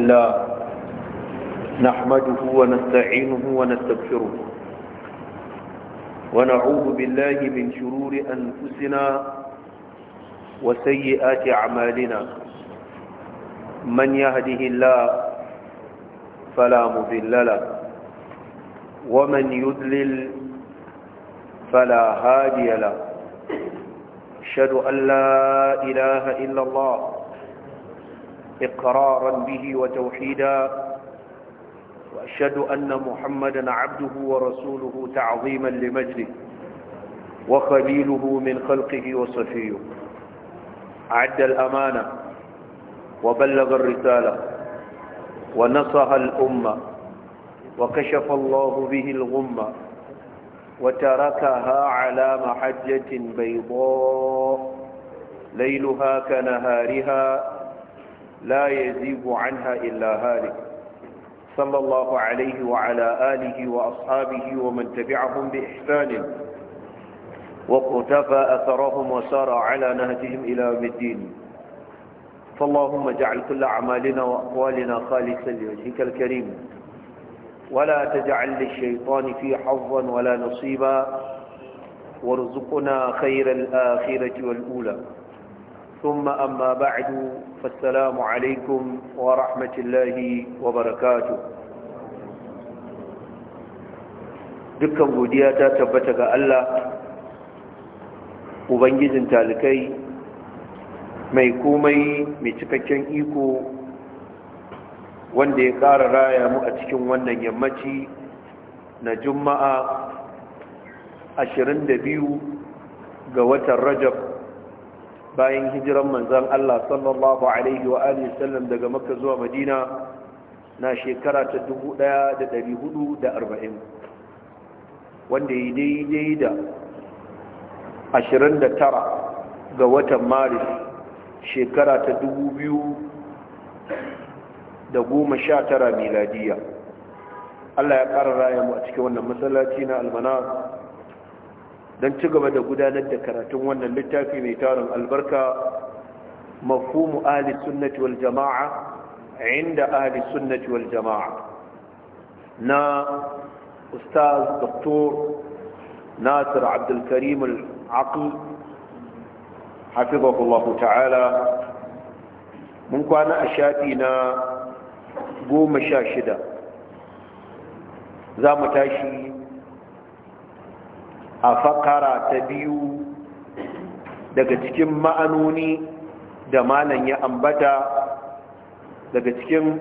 الله نحمده ونستعينه ونستغفره ونعوذ بالله من شرور أنفسنا وسيئات أعمالنا من يهده الله فلا مضل له ومن يذلل فلا هادي له أشهد أن لا إله إلا الله إقرارا به وتوحيدا وأشهد أن محمدا عبده ورسوله تعظيما لمجده وخليله من خلقه وصفيه أعد الأمانة وبلغ الرسالة ونصها الأمة وكشف الله به الغمة وتركها على محجة بيضاء ليلها كنهارها لا يزيب عنها إلا هالك صلى الله عليه وعلى آله وأصحابه ومن تبعهم بإحسان وقتفى أثرهم وسار على نهجهم إلى الدين فاللهم اجعل كل أعمالنا وأقوالنا خالصا لوجهك الكريم ولا تجعل للشيطان في حظا ولا نصيبا وارزقنا خير الآخرة والأولى ثم أما بعد فالسلام عليكم wa الله وبركاته dukkan godiya ta tabbata ga Allah Ubangijin talikai mai komai mai cikakken iko wanda ya ƙara raya mu a cikin wannan yammaci na juma'a ashirin da biyu ga watan rajab bayan hijiran manzan Allah sallallahu alaihi wa alihi sallam daga makka zuwa madina na shekara ta 1440 wanda ya daidai da 29 ga watan maris shekara ta 2019 miladiya Allah ya ƙara raya mu a cikin wannan masallaci na almanar don ci gaba da gudanar da karatun wannan littafi mai tarin albarka mafhumu ahli sunnati wal jama'a inda ahli sunnati wal jama'a na ustaz doktor nasir abdul karim al-aql hafizahullahu ta'ala mun kwana a shafi na goma sha shida za mu tashi a fakara ta biyu daga cikin ma'anoni da malan ya ambata daga cikin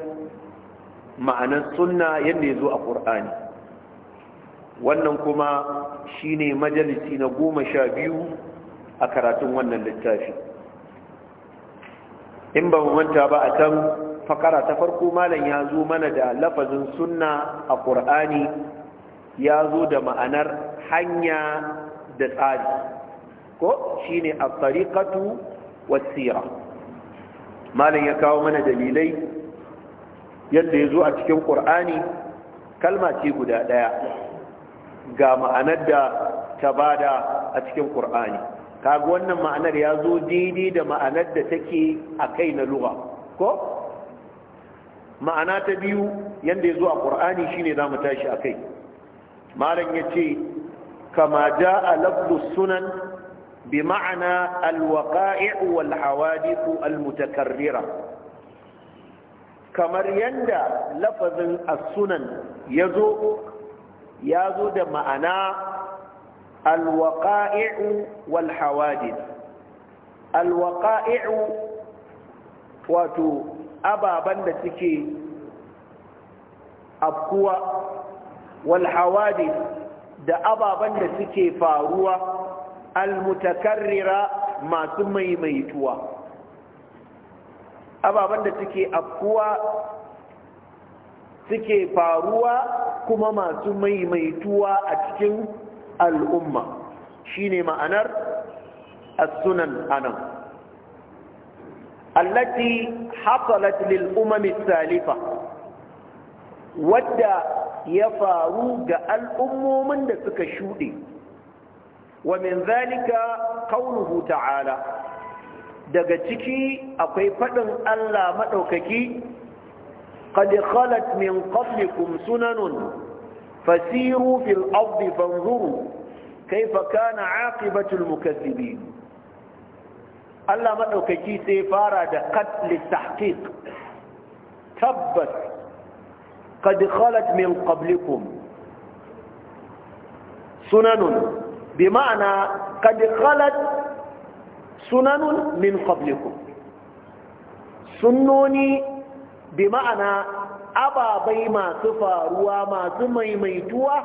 ma'anar sunna yadda ya zo a ƙur'ani wannan kuma shine majalisi na goma sha biyu a karatun wannan littafi in ba manta ba a can fakara ta farko malam ya zo mana da lafazin sunna a ƙur'ani ya zo da ma'anar hanya da tsari ko shi ne a tsarikatu wasira malam ya kawo mana dalilai yadda ya zo a cikin ƙur'ani kalma ce guda ɗaya ga ma'anar da ta bada a cikin ƙur'ani kaga wannan ma'anar ya zo daidai da ma'anar da take a kai na lura ko ma'ana ta biyu yadda ya zo a ƙur'ani ne za mu tashi a kai malam ya ce kama ja a lafzus sunan bi ma'ana alwaƙa'i wal hawadisu almutakarrira kamar yadda lafazin sunan ya zo ya zo da ma'ana alwaƙa'i wal hawadis wato ababen da suke afkuwa والحوادث da ababen da suke faruwa almutakarrira masu maimaituwa ababen da suke afkuwa suke faruwa kuma masu maimaituwa a cikin al'umma shine ma'anar as-sunan anan allati hasalat lil umam as-salifa wadda ya faru ga al'ummomin da suka shuɗe wa min zalika qawluhu ta'ala daga ciki akwai faɗin Allah maɗaukaki qad khalat min qablikum sunanun fasiru fil ardi fanzuru kaifa kana aqibatul mukaththibin Allah maɗaukaki sai fara da qatl tahqiq tabbas qad khalat min qablikum sunanun bi ma'ana qad khalat sunanun min qablikum sunnoni ma'ana ababai masu faruwa masu maimaituwa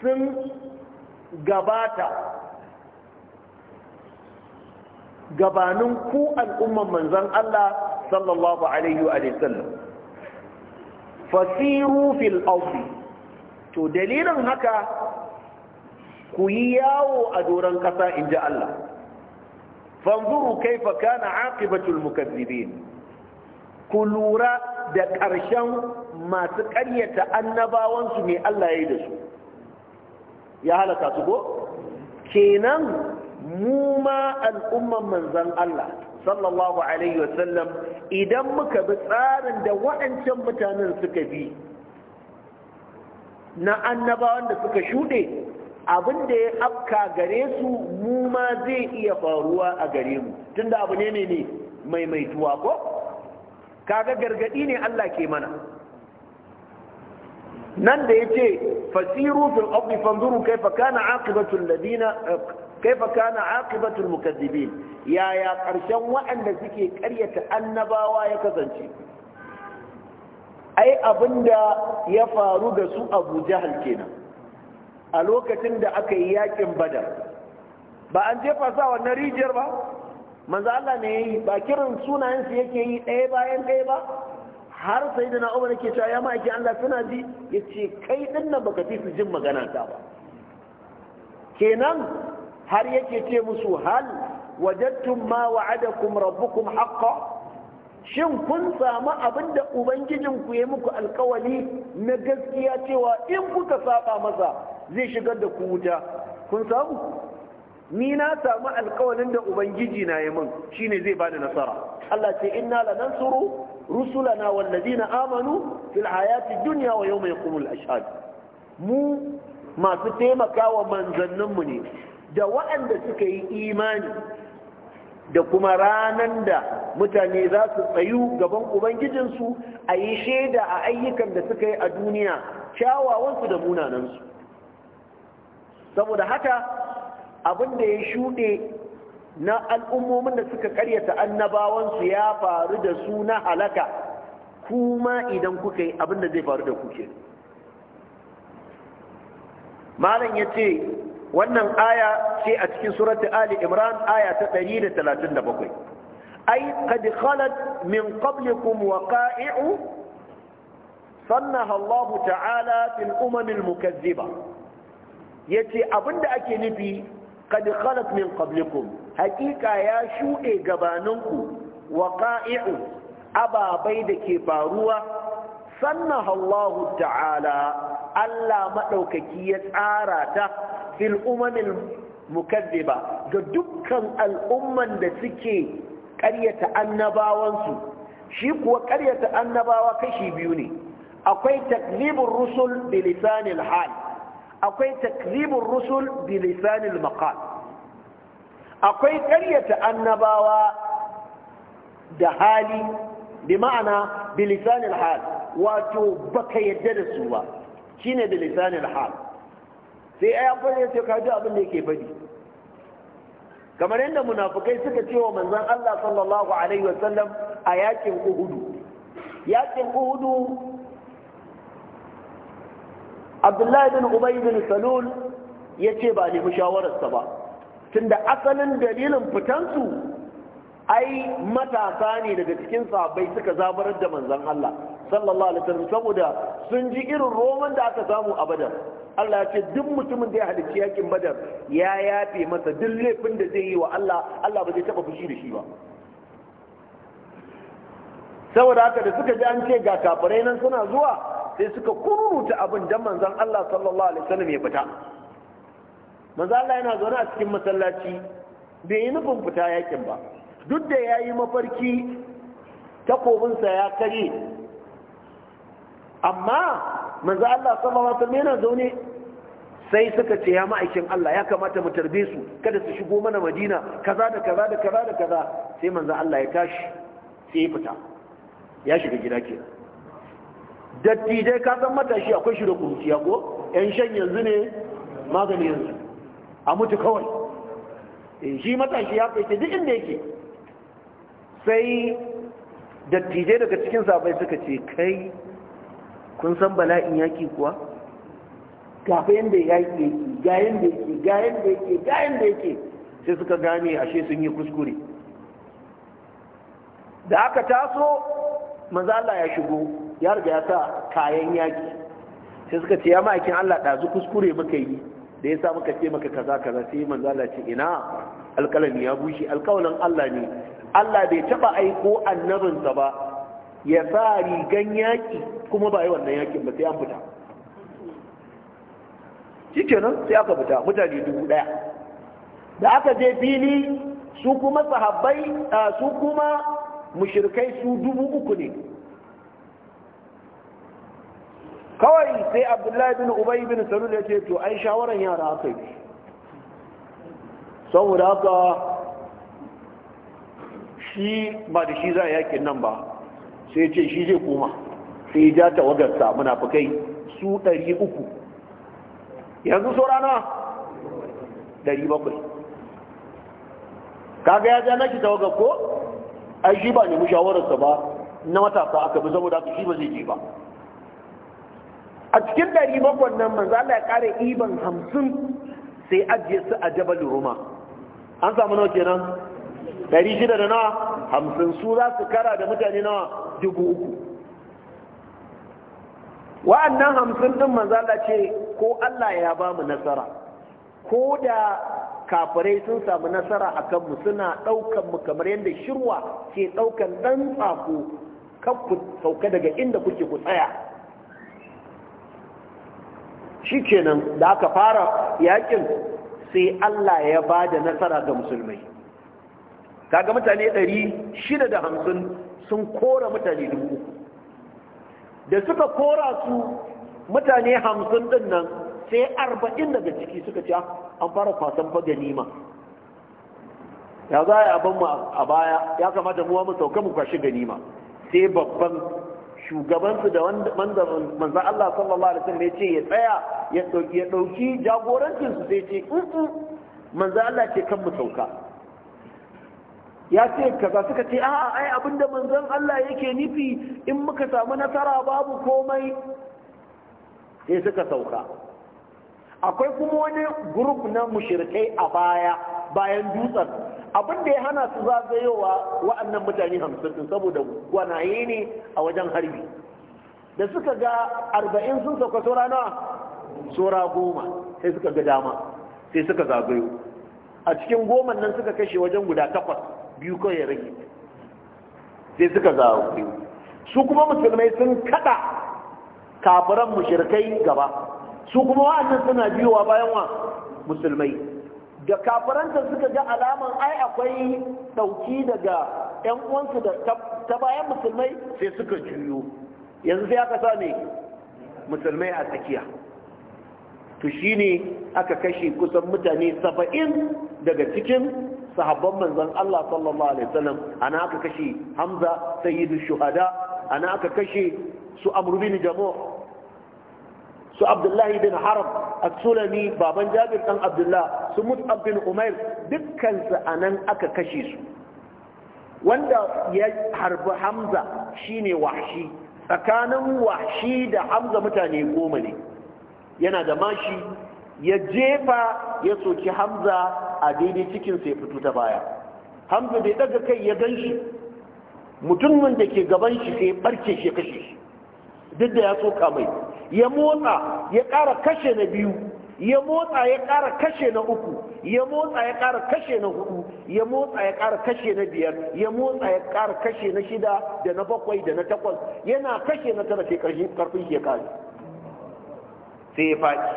sun gabata gabanin ku al'umman manzan Allah sallallahu Alaihi wa sallam fasiru fil ardi to dalilin haka ku yi yawo a doron kasa inji Allah fanzuru kaifa kana aqibatul mukazzibin ku lura da ƙarshen masu ƙaryata annabawansu mai Allah ya yi da su ya halaka su go kenan mu ma al'umman manzan Allah sallallahu alaihi wasallam idan muka bi tsarin da waɗancan mutanen suka bi na annabawan da suka shuɗe abinda da ya afka gare su mu ma zai iya faruwa a gare mu tunda abu ne ne ne maimaituwa ko kaga gargadi ne Allah ke mana nan da yace fasiru fil ardi fanzuru kayfa kana aqibatu alladina kaifa kana aqibatul mukazzibin yaya karshen waɗanda suke ƙaryata annabawa ya kasance ai abinda ya faru da su Abu Jahal kenan a lokacin da aka yi yakin Badar ba an jefa sa wannan rijiyar ba manzo Allah ne yayi ba kiran sunayen su yake yi ɗaya bayan ɗaya ba har sai da na'uba nake cewa ya ma'aiki Allah suna ji ya ce kai ɗin nan baka fi su jin magana ta ba kenan har yake ce musu hal wajadtum ma wa'adakum rabbukum haqqan shin kun samu abinda da ubangijinku ya muku alkawali na gaskiya cewa in kuka saba masa zai shigar da ku wuta kun samu ni na samu alkawalin da ubangiji na yi min shine zai bani nasara Allah ce inna nansuru rusulana wallazina amanu fil hayati dunya wa yawma yaqumul ashhad mu masu taimakawa manzanninmu ne da waɗanda suka yi imani da kuma ranan da mutane za su tsayu gaban ubangijinsu a yi shaida a ayyukan da suka yi a duniya kyawawansu da munanansu saboda haka abin da ya shuɗe na al'ummomin da suka karyata annabawansu ya faru da su na halaka kuma idan kuka yi abin da zai faru da kuke malam ya ce wannan aya ce a cikin surati ali imran aya ta 137 ai qad khalat min qablikum waqa'i'u sannaha Allah ta'ala fil umam al mukaththiba yace abinda ake nufi qad khalat min qablikum hakika ya shuke gabaninku waqa'i'u ababai da ke faruwa sannaha Allah ta'ala Allah madaukaki ya tsara ta fil umamil mukaddiba ga dukkan al'umman da suke ƙaryata annabawansu shi kuwa ƙaryata annabawa kashi biyu ne akwai takzibin rusul bi hal akwai takzibin rusul bi maqal akwai ƙaryata annabawa da hali bi ma'ana bi hal wato baka yadda da su ba shine bi lisanil hal sai ya fara ya ka ji abin da yake faɗi kamar yadda munafukai suka ce wa manzon Allah sallallahu alaihi sallam a yakin Uhudu yakin Uhudu Abdullahi bin Ubay bin Salul yace ba nemi shawararsa ba tunda asalin dalilin fitansu ai matasa ne daga cikin sahabbai suka zabarar da manzon Allah sallallahu alaihi wasallam saboda sun ji irin roman da aka samu a Badar Allah ya ce duk mutumin da ya halicci yakin badar ya yafe masa duk laifin da zai yi wa Allah Allah ba zai taba fushi da shi ba saboda haka da suka ji an ce ga kafirai nan suna zuwa sai suka kururuta abin dan manzon Allah sallallahu alaihi wasallam ya fita manzon Allah yana zaune a cikin masallaci bai yi nufin fita yakin ba duk da ya yi mafarki takobinsa ya kare amma manzo Allah sallallahu alaihi wasallam yana zaune sai suka ce ya ma'aikin Allah ya kamata mu tarbe su kada su shigo mana madina kaza da kaza da kaza da kaza sai manzo Allah ya tashi sai ya fita ya shiga gida ke dattijai ka san matashi akwai shi da kunciya ko yan shan yanzu ne magani yanzu a mutu kawai eh, shi matashi ya fita duk inda yake sai dattijai daga cikin sabai suka ce kai kun san bala'in yaki kuwa Kafin da yaƙi ke, ga da ke, ga da ke, ga da ke, sai suka gane ashe sun yi kuskure da aka taso mazala ya shigo ya riga ya sa kayan yaƙi sai suka ce ya ma'aikin Allah ɗazu kuskure muka yi da ya sa muka ce maka kaza kaza sai mazala ce ina alƙalami ya bushe alƙawalin Allah ne Allah bai taɓa aiko annabinsa ba ya sa rigan yaki kuma ba yi wannan yakin ba sai an fita shi nan sai aka fita mutane dubu ɗaya da aka je fili su kuma sahabbai su kuma mushirkai su dubu uku ne kawai sai abdullahi bin ubai bin salul ya ce to ai shawaran yara aka yi saboda haka shi ba da shi za a yakin nan ba sai ce shi zai koma sai ya ja tawagarsa munafukai su ɗari uku yanzu so rana 700 kaga ya ja naki tawaga ko ai shi ba nemi shawararsa ba na matasa aka bi saboda aka shi ba zai je ba a cikin 700 nan manzo Allah ya kare iban 50 sai ajiye su a Jabal Ruma an samu nawa kenan 600 da nawa 50 su za su kara da mutane nawa dubu uku wa'annan hamsin din manzo Allah ce ko Allah ya ba mu nasara ko da kafirai sun samu nasara a kanmu suna ɗaukan mu kamar yadda shirwa ke ɗaukan ɗan tsako kan ku sauka daga inda kuke ku tsaya shi kenan da aka fara yakin sai Allah ya ba da nasara ga musulmai kaga mutane 650 sun kora mutane dubu da suka kora su mutane hamsin din nan sai arba'in daga ciki suka ce ah, an fara kwasan fa ganima ya za a ban mu a baya ya kamata mu mu sauka mu kwashi ganima sai babban shugabansu da manzan Allah sallallahu alaihi wasallam ya ce ya tsaya ya ɗauki jagorancinsu sai ce mm, mm. manzan Allah ce kan mu sauka ya ce kaza suka ce a'a ai abinda manzan Allah yake nufi in muka samu nasara babu komai sai suka sauka akwai kuma wani grup na mushirkai a baya bayan dutsen abinda ya hana su zagayowa wa'annan mutane hamsin saboda gwanaye ne a wajen harbi da suka ga arba'in sun sauka saura nawa saura goma sai suka ga dama sai suka zagayo a cikin goma nan suka kashe wajen guda takwas biyu kawai ya rage sai suka zagayo su kuma musulmai sun kada kafiran mushirikai gaba su kuma wa'annan suna biyowa bayan wa musulmai da kafiranta suka ga alaman ai akwai ɗauki daga yan uwansu da ta bayan musulmai sai suka juyo yanzu sai aka sa ne musulmai a tsakiya to shine aka kashe kusan mutane saba'in daga cikin sahabban manzon Allah sallallahu alaihi wasallam ana aka kashe Hamza sayyidu shuhada ana aka kashe su amru bin su abdullahi bin haram as-sulami baban jabir dan abdullah su mus'ab bin umair dukkan su anan aka kashe su wanda ya harbi hamza shine wahshi tsakanin wahshi da hamza mutane goma ne yana da mashi ya jefa ya soki hamza a daidai cikin sai fito ta baya hamza bai daga kai ya ganshi. mutumin da ke gaban shi sai barke shi kashe shi duk da ya soka mai ya motsa ya ƙara kashe na biyu ya motsa ya ƙara kashe na uku ya motsa ya ƙara kashe na hudu ya motsa ya ƙara kashe na biyar ya motsa ya ƙara kashe na shida da na bakwai da na takwas yana kashe na tara sai karfin shi kare sai ya faɗi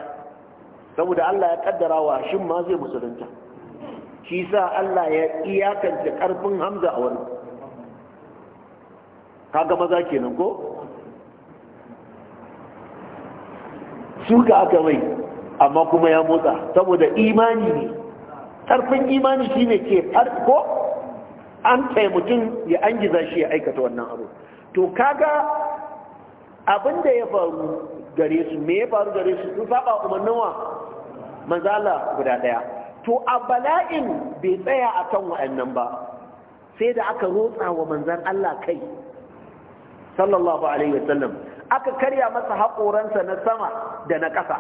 saboda Allah ya kaddara wa shin ma zai musulunta shi sa Allah ya iyakance karfin Hamza a wani kaga maza kenan ko shuka aka mai amma kuma ya motsa saboda imani ne tarfin imani shine ke farko an mutum ya an giza shi ya aikata wannan abu to kaga abin da ya faru gare su me ya faru gare su sun saba umarnin manzala guda ɗaya. to a bala'in bai tsaya akan wa'annan ba sai da aka rotsa wa manzan Allah kai sallallahu alaihi wasallam aka karya masa haƙoransa na sama da na ƙasa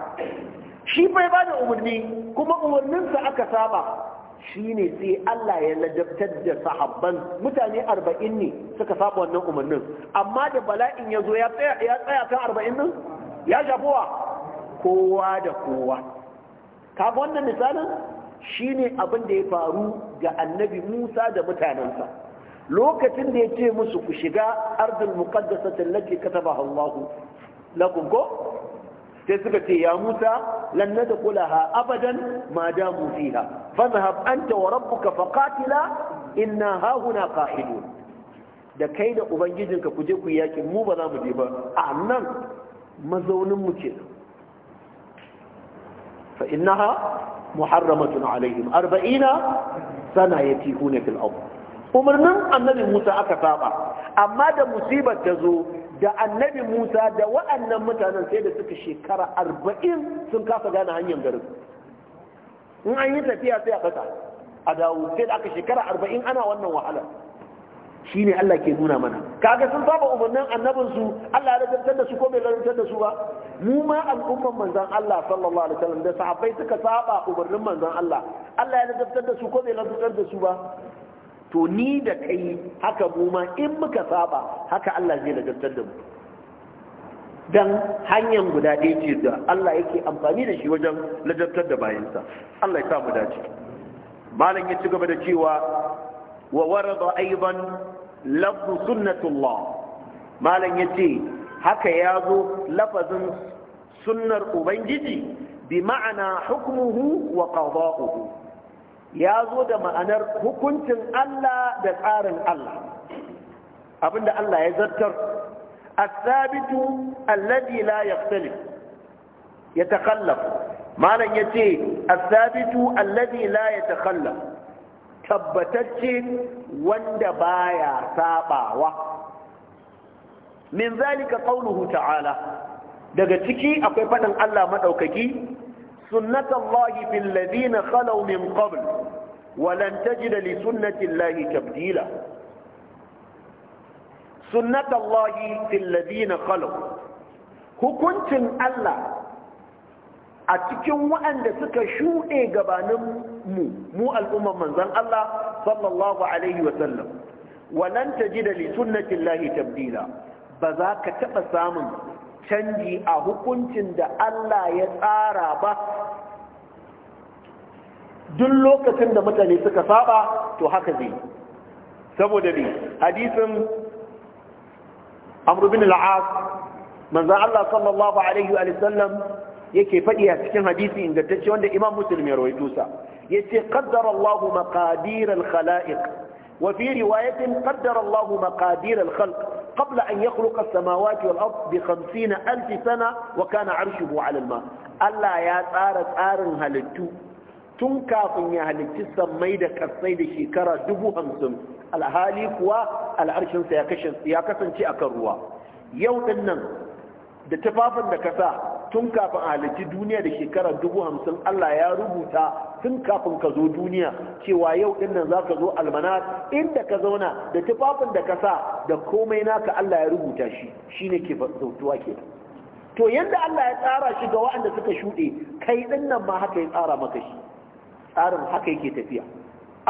shi bai ba da umarni kuma umarninsa aka saba shine sai Allah ya ladabtar da sahabban mutane arba'in ne suka saba wannan umarnin amma da bala'in ya zo ya tsaya kan arba'in nan ya shafuwa? kowa da kowa kaga wannan misalin Shi ne abin da ya faru ga annabi Musa da mutanensa lokacin da ya ce musu ku shiga ardul muqaddasati allati kataba Allah lakum ko sai suka ce ya Musa lan nadkhulaha abadan ma damu fiha fadhhab anta wa rabbuka faqatila inna hahuna qa'idun da kai da ubangijinka ku je ku yaki mu ba za mu je ba a nan mazaunin mu ce fa innaha muharramatun alaihim arba'ina sana yatihuna fil ardh umarnin annabi Musa aka saba amma da musibar ta zo da annabi Musa da waɗannan mutanen sai da suka shekara arba'in sun kasa gane hanyar garin in an yi tafiya sai a kasa a dawo sai da aka shekara arba'in ana wannan wahala shi ne Allah ke nuna mana kaga sun saba umarnin annabinsu Allah ya rantar da su ko bai rantar da su ba mu ma al'umman manzon Allah sallallahu alaihi wasallam da sahabbai suka saba umarnin manzon Allah Allah ya rantar da su ko bai rantar da su ba to ni da kai haka mu in muka saba haka Allah zai nagartar da mu dan hanyar guda ɗaya ce da Allah yake amfani da shi wajen ladabtar da bayansa Allah ya sa mu dace malam ya ci gaba da cewa wa warada aidan lafzu sunnatullah malam ya ce haka ya zo lafazin sunnar ubangiji bi ma'ana hukmuhu wa qada'uhu ya zo da ma'anar hukuncin Allah da tsarin Allah abinda Allah ya zartar asabitu alladhi la yaftalif ya takallaf malam yace asabitu alladhi la yatakallaf tabbatacce wanda baya sabawa min zalika qawluhu ta'ala daga ciki akwai faɗin Allah maɗaukaki سنة الله في الذين خلوا من قبل ولن تجد لسنة الله تبديلا سنة الله في الذين خلوا حكمت الله أتكن وأن دسك شو إيقبان مو مو الأمم من ذن الله صلى الله عليه وسلم ولن تجد لسنة الله تبديلا بذاك تقسام canji a hukuncin da Allah ya tsara ba duk lokacin da mutane suka saba to haka zai saboda ne hadisin amru bin al'as manzan Allah sallallahu alaihi wa sallam yake faɗi a cikin hadisi ingantacce wanda imam musulmi ya rawaito sa yace qaddara Allah maqadir al وفي رواية قدر الله مقادير الخلق قبل أن يخلق السماوات والأرض بخمسين ألف سنة وكان عرشه على الماء ألا يا تارة تارة هلتو تنكاف يا هلتو سميدة كالصيد شكرة دبو همسم الهالي كوا العرش سياكشن سياكشن شئك الروا يوم النم da tufafin da ka sa tun kafin a halarci duniya da shekarar dubu hamsin Allah ya rubuta tun kafin ka zo duniya cewa yau din nan za ka zo almanar inda ka zauna da tufafin da ka sa da komai naka Allah ya rubuta shi shine ke zautuwa ke to yadda Allah ya tsara shi ga waɗanda suka shuɗe kai din nan ma haka ya tsara maka shi tsarin haka yake tafiya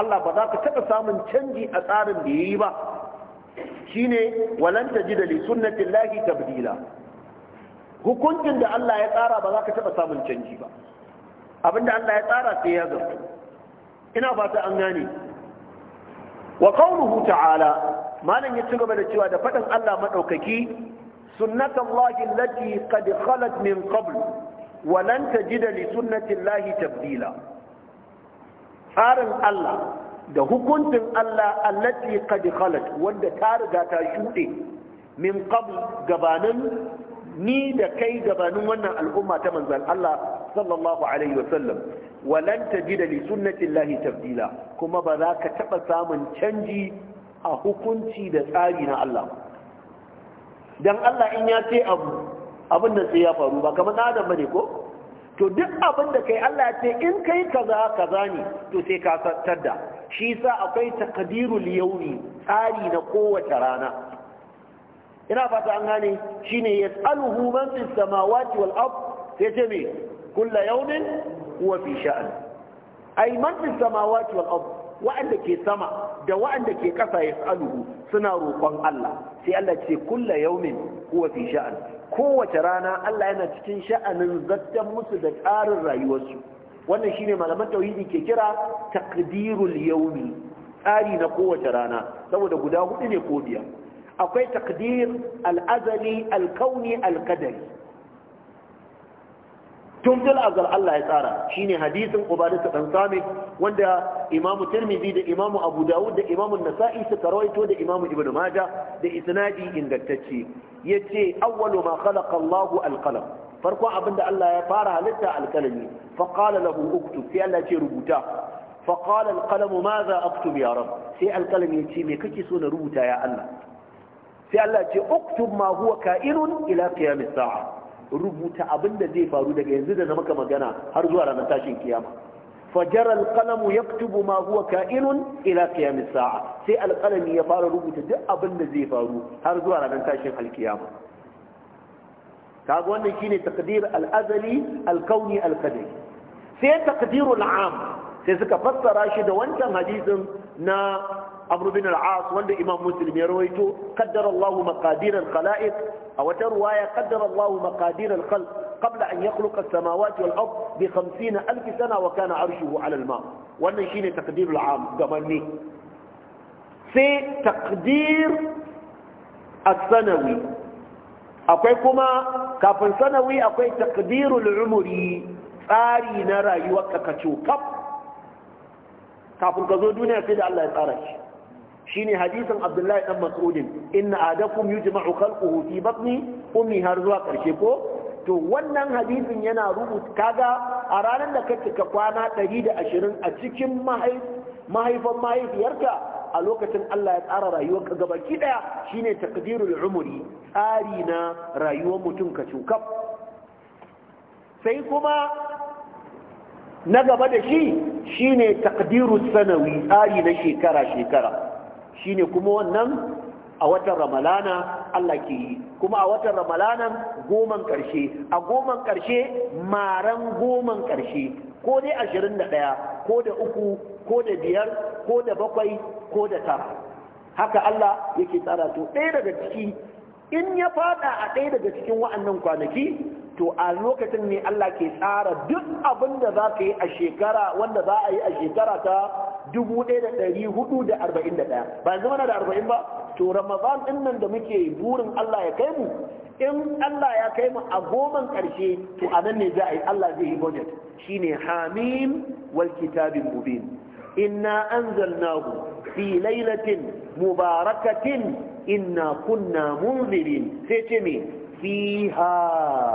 Allah ba za ka taɓa samun canji a tsarin da ya yi ba shine walan tajida li sunnatillahi tabdila hukuncin da Allah ya tsara ba za ka taɓa samun canji ba abinda Allah ya tsara sai ya zama. ina fata an gane wa qawluhu ta'ala malam ya ci gaba da cewa da faɗin Allah madaukaki sunnatullahi allati qad khalat min qabl wa lan tajida li sunnatillahi tabdila tsarin Allah da hukuncin Allah allati qad khalat wanda ta riga ta shuɗe min qabl gabanin ni da kai gabanin wannan al'umma ta manzan Allah sallallahu alaihi wasallam walan tajida li sunnati llahi tabdila kuma ba za ka taba samun canji a hukunci da tsari na Allah dan Allah in ya ce abu abin da sai ya faru ba kamar na adam bane ko to duk abin da kai Allah ya ce in kai kaza kaza ne to sai ka tadda shi sa akwai taqdirul yawmi tsari na kowace rana ina fata an gane shine ya man fis samawati wal ard sai ce me kullu yawmin huwa fi sha'an A man fis samawati wal ard wa'anda ke sama da wa'anda ke kasa tsaluhu suna roƙon Allah sai Allah ce kullu yawmin huwa fi sha'an kowace rana Allah yana cikin sha'anin zattan musu da tsarin rayuwarsu wannan shine malaman tauhidi ke kira takdirul yaumi, tsari na kowace rana saboda guda hudu ne ko biyar akwai takdir al'azali alkauni alkadari tun fil azal Allah ya tsara shine hadisin ubadatu dan sami wanda imam tirmidhi da imam abu dawud da imam nasa'i suka rawaito da imam ibnu majah da isnadi ingantacce yace awwalu ma khalaqa Allah al-qalam farko abinda Allah ya fara halitta alkalami qalami fa qala lahu uktub sai Allah ce rubuta fa qala al-qalamu madha aktub ya rab sai al ya ce me kake so na rubuta ya Allah sai Allah ce uktub ma huwa ka'inun ila qiyamis sa'a rubuta abin da zai faru daga yanzu da na maka magana har zuwa ranar tashin kiyama fajar alqalamu yaktubu ma huwa ka'inun ila qiyamis sa'a sai alqalami ya fara rubuta duk abin da zai faru har zuwa ranar tashin alkiyama kaga wannan shine taqdir al-azali al-kauni al-qadari sai taqdirul am sai suka fassara shi da wancan hadisin na amru bin al-as wanda imam muslim ya rawaito qaddara Allahu maqadir al-khalaiq a wata ruwaya qaddara Allahu maqadir al-khalq qabla an yakhluqa as-samawati wal-ard bi 50 alf sana wa kana arshuhu ala al-ma wannan shine taqdir al-am gamanni sai taqdir as-sanawi akwai kuma kafin sanawi akwai taqdirul umri tsari na rayuwar kakacho kaf kafin ka zo duniya sai da Allah ya tsara shi shine hadisin Abdullahi dan Mas'udin inna adakum yujma'u khalquhu fi batni ummi har zuwa karshe ko to wannan hadisin yana rubuta kaga a ranar da kake ka kwana 120 a cikin mahaifan mahaifiyarka a lokacin Allah ya tsara rayuwar ka gabaki daya shine takdirul umri tsari na rayuwar mutum ka sai kuma na gaba da shi shine takdiru sanawi tsari na shekara-shekara shine kuma wannan a watan ramalana Allah ke yi kuma a watan Ramalana, goman ƙarshe a goman ƙarshe maran goman ƙarshe ko dai ashirin da ɗaya ko da uku ko da biyar ko da bakwai ko da tara haka Allah yake tsara to ɗaya daga ciki in ya fada a ɗaya daga cikin wa'annan kwanaki to a lokacin ne Allah ke tsara duk abin da za ka yi a shekara wanda za a yi a shekara ta 1441 ba zama na da 40 ba to ramadan din nan da muke burin Allah ya kai mu in Allah ya kai mu a goman ƙarshe to a nan ne za a yi Allah zai yi budget shine hamim wal kitabin mubin inna anzalnahu fi lailatin mubarakatin inna kunna munzirin sai ce me fiha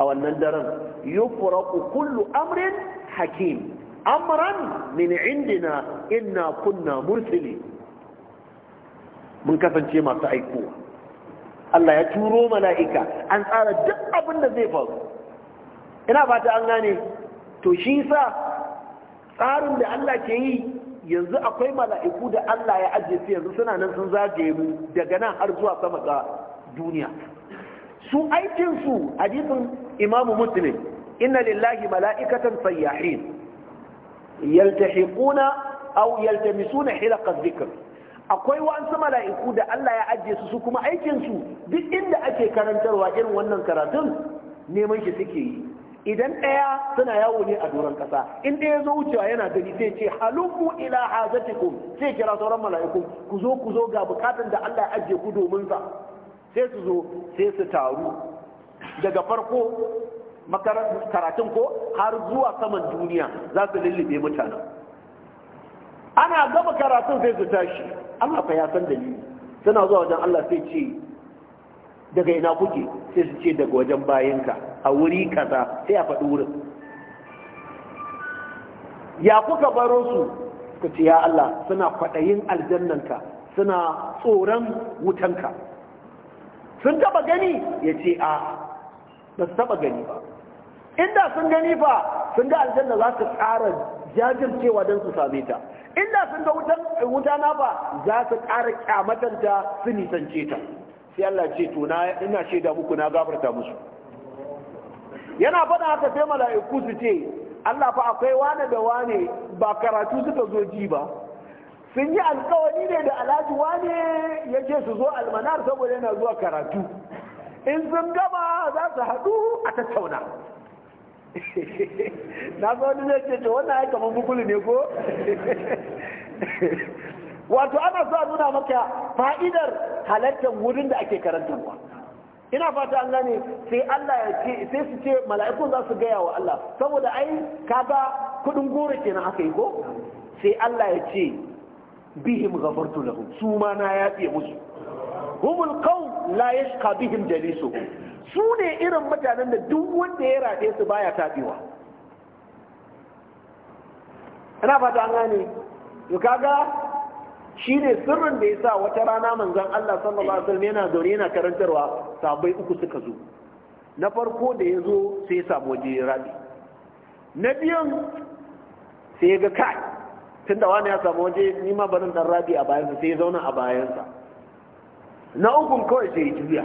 a wannan daren yufraqu kullu amrin hakim amran min indina inna kunna mursili mun kasance masu aikowa Allah ya turo mala'ika an tsara duk abin da zai faru ina fata an gane to shi sa tsarin da Allah ke yi yanzu akwai mala'iku da Allah ya ajiye su yanzu suna nan sun zagaye mu daga nan har zuwa sama ga duniya su aikin su hadisin imamu مسلم inna lillahi mala'ikatan صياحين يلتحقون أو يلتمسون حلق الذكر akwai wa'ansu mala'iku da Allah ya ajiye su su kuma aikin su duk inda ake karantarwa irin wannan karatun neman shi suke yi idan ɗaya suna yawo ne a doron ƙasa in ɗaya zo wucewa yana gani sai ce halummu ila hazatikum sai kira sauran mala'iku ku zo ku zo ga bukatun da Allah ya ajiye ku domin sa sai su zo sai su taru daga farko karatun ko har zuwa saman duniya za su lullube mutane ana gama karatun sai su tashi Allah fa ya san dalili suna zuwa wajen Allah sai ce daga ina kuke sai su ce daga wajen bayanka a wuri kaza sai a faɗi wurin ya kuka baro su ka ce ya Allah suna kwaɗayin aljannanka suna tsoron wutanka sun taɓa gani ya ce a ba su taba gani ba inda sun gani fa sun ga aljanna za su ƙara jajircewa don su same ta inda sun ga wuta na fa za su ƙara ƙyamatanta su nisance ta sai Allah ce to na ina shaida muku na gafarta musu yana faɗa haka sai mala'iku su ce Allah fa akwai wane da wane ba karatu suka zo ji ba sun yi alkawari ne da alhaji wane ya ce su zo almanar saboda yana zuwa karatu in sun gama za su haɗu a tattauna na ga wani zai ce to wannan aika mun bukulu ne ko wato ana so a nuna maka fa'idar halartar wurin da ake karantarwa ina fata an gane sai Allah ya ce sai su ce mala'ikun za su gaya wa Allah saboda ai kaga kudin goro kenan aka yi ko sai Allah ya ce bihim ghafartu lahum su ma na yaɗe musu humul qaum la yashqa bihim jalisu su ne irin mutanen da duk wanda ya rade su baya tabewa ina fata an gane to kaga shine sirrin da yasa wata rana manzon Allah sallallahu alaihi wasallam yana zaune yana karantarwa sabai uku suka zo na farko da ya zo sai ya samu waje rabi na biyan sai ya ga kai tunda wani ya samu waje nima barin dan rabi a bayansa sai ya zauna a bayansa na ukun kawai sai ya juya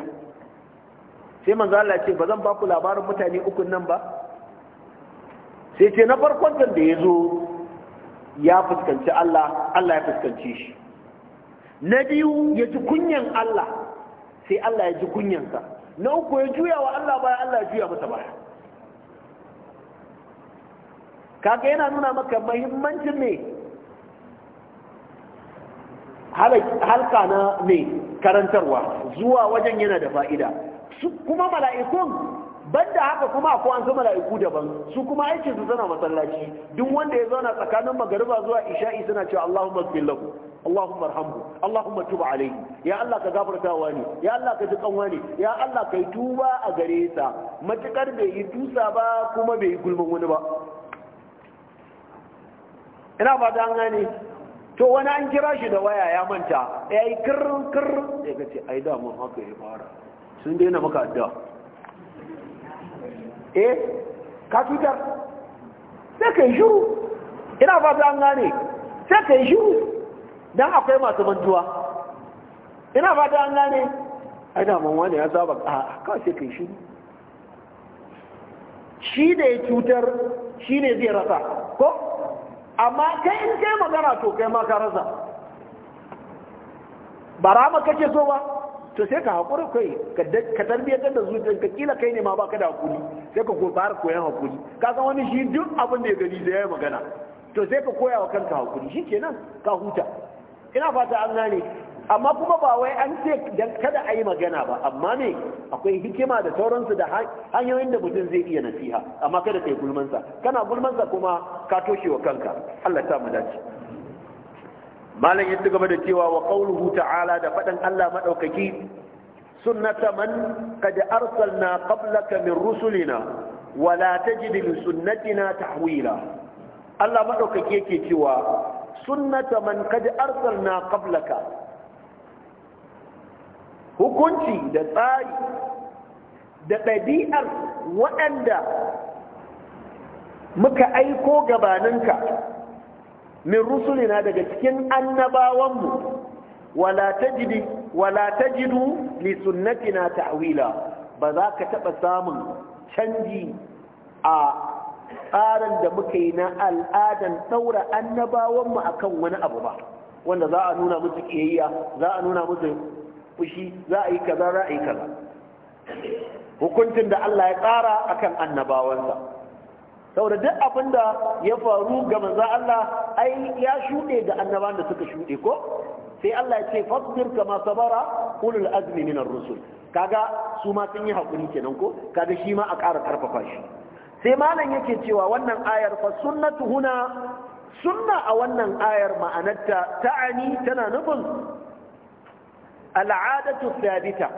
sai manzo Allah ce ba zan ba ku labarin mutane ukun nan ba sai ce na farkon da ya zo ya fuskanci Allah Allah ya fuskanci shi na biyu ya ji kunyan Allah sai Allah ya ji kunyansa na uku ya juya wa Allah baya Allah ya juya masa baya kaga yana nuna maka mahimmancin ne halka na ne karantarwa zuwa wajen yana da fa'ida kuma mala'ikun da haka kuma ko an mala'iku daban su kuma aikin su suna masallaci duk wanda ya zauna tsakanin magariba zuwa isha'i suna cewa Allahumma ighfir lahu Allahumma arhamhu Allahumma tuba alayhi ya Allah ka gafarta wa ne ya Allah ka ji kanwa ya Allah kai tuba a gare sa matukar bai yi tusa ba kuma bai yi gulman wani ba ina ba an gane to wani an kira shi da waya ya manta ya yi kirrin kirrin da ya ce ai damar haka ya fara sun daina maka addu'a eh ka cutar sai ka yi shiru ina fata an gane sai ka yi shiru don akwai masu mantuwa ina fata an gane ai damar wani ya saba a kawai sai ka yi shiru shi da ya cutar shi ne zai rasa ko amma kai in kai magana to kai ma ka rasa ba rama kake so ba to sai ka haƙuri kai ka tarbiyyar da zuciyar ka kila kai ne ma ba ka da haƙuri sai ka fara koyan haƙuri ka san wani shi duk abin da ya gani da ya yi magana to sai ka koya wa kanka haƙuri shi kenan ka huta ina fata an gane amma kuma ba wai an ce dan kada a yi magana ba amma ne akwai hikima da sauransu da hanyoyin da mutum zai iya nasiha amma kada yi gulmansa kana gulmansa kuma ka toshe wa kanka Allah ta mu dace malam ya gaba da cewa wa qauluhu ta'ala da fadan Allah madaukaki sunnata man qad arsalna qablaka min rusulina wala tajid li sunnatina tahwila Allah madaukaki yake cewa sunnata man qad arsalna qablaka hukunci da tsari da ɗabi'ar waɗanda muka aiko gabaninka min rusulina daga cikin annabawanmu wala tajidi li sunnatina ta'wila ba za ka taɓa samun canji a tsarin da muka yi na al'adan saura annabawanmu akan wani abu ba wanda za a nuna musu ƙiyayya za a nuna musu fushi za a yi kaza za a yi kaza hukuncin da Allah ya tsara akan annabawansa saboda duk abin da ya faru ga manzon Allah ai ya shuɗe ga annabawan da suka shuɗe ko sai Allah ya ce fasbir kama sabara ulul azmi minar rusul kaga su ma sun yi hakuri kenan ko kaga shi ma a ƙara karfafa shi sai malam yake cewa wannan ayar fa sunnatu huna sunna a wannan ayar ma'anarta ta'ani tana nufin al'adatu thabita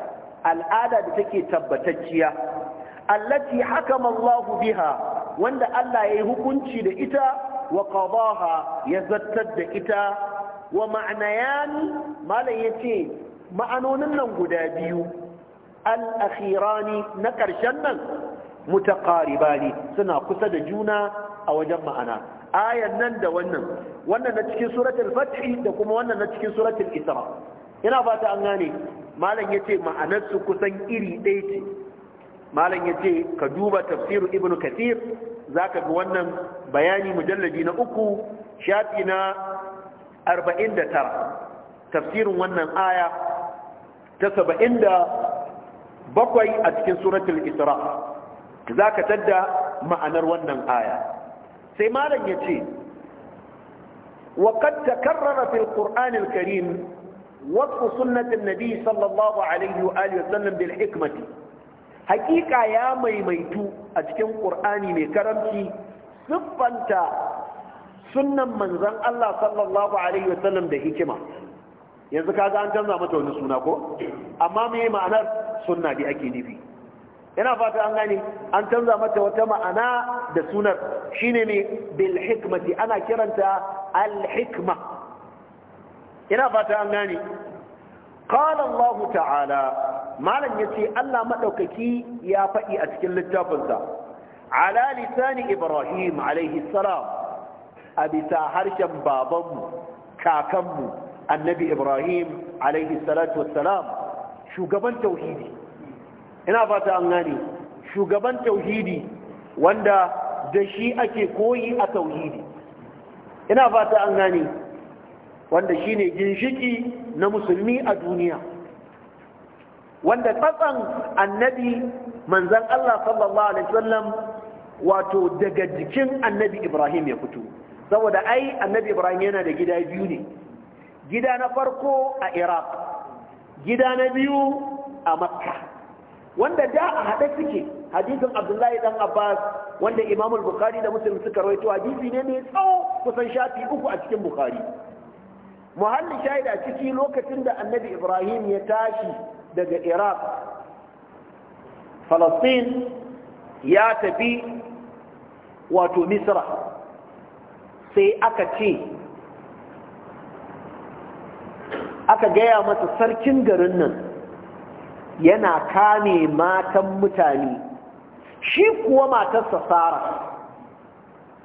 al'ada da take tabbatacciya allati hakama Allahu biha wanda Allah ya yi hukunci da ita wa qadaha ya zattar da ita wa ma'anayan malam yace ma'anonin nan guda biyu al-akhirani na ƙarshen nan mutaqaribani suna kusa da juna a wajen ma'ana ayan nan da wannan wannan na cikin suratul fath da kuma wannan na cikin suratul isra ina fata an gane malam yace ma'anarsu kusan iri ɗaya ce malam yace ka duba tafsirin ibnu kathir ka ga wannan bayani mujalladi na uku shafi na 49 tafsirin wannan aya ta 77 a cikin suratul isra zaka tadda ma'anar wannan aya sai malam yace وقد تكرر في القرآن الكريم وصف سنة النبي صلى الله عليه وآله وسلم بالحكمة حقيقة يا ميميتو أتكن قرآني من كرمتي صفنت سنة من زن الله صلى الله عليه وسلم ده حكمة yanzu kaga an canza mata wani suna ko amma me ma'anar sunna ake nufi ina fata an gane an canza mata wata ma'ana da sunar shine ne bil hikmati ana kiranta al hikma ina fata an gani. qala Allah ta'ala malam yace Allah madaukaki ya faɗi a cikin littafinsa ala lisani ibrahim alaihi salam a bisa harshen babanmu kakanmu annabi ibrahim alaihi salatu wassalam shugaban tauhidi ina fata an gani. shugaban tauhidi wanda da shi ake koyi a tauhidi ina fata an gani. wanda shine ginshiki na musulmi a duniya wanda tsatsan annabi manzan Allah sallallahu alaihi wasallam wato daga jikin annabi Ibrahim ya fito saboda ai annabi Ibrahim yana da gida biyu ne gida na farko a Iraq gida na biyu a Makka wanda da a haɗe suke hadisin Abdullahi dan Abbas wanda Imamul Bukari da Muslim suka rawaito hadisi ne mai tsawo kusan shafi uku a cikin bukari. muhalli shaida ciki lokacin da annabi ibrahim ya tashi daga iraq falastin ya tafi wato misra sai aka ce aka gaya masa sarkin garin nan yana kame matan mutane shi kuwa matarsa tsara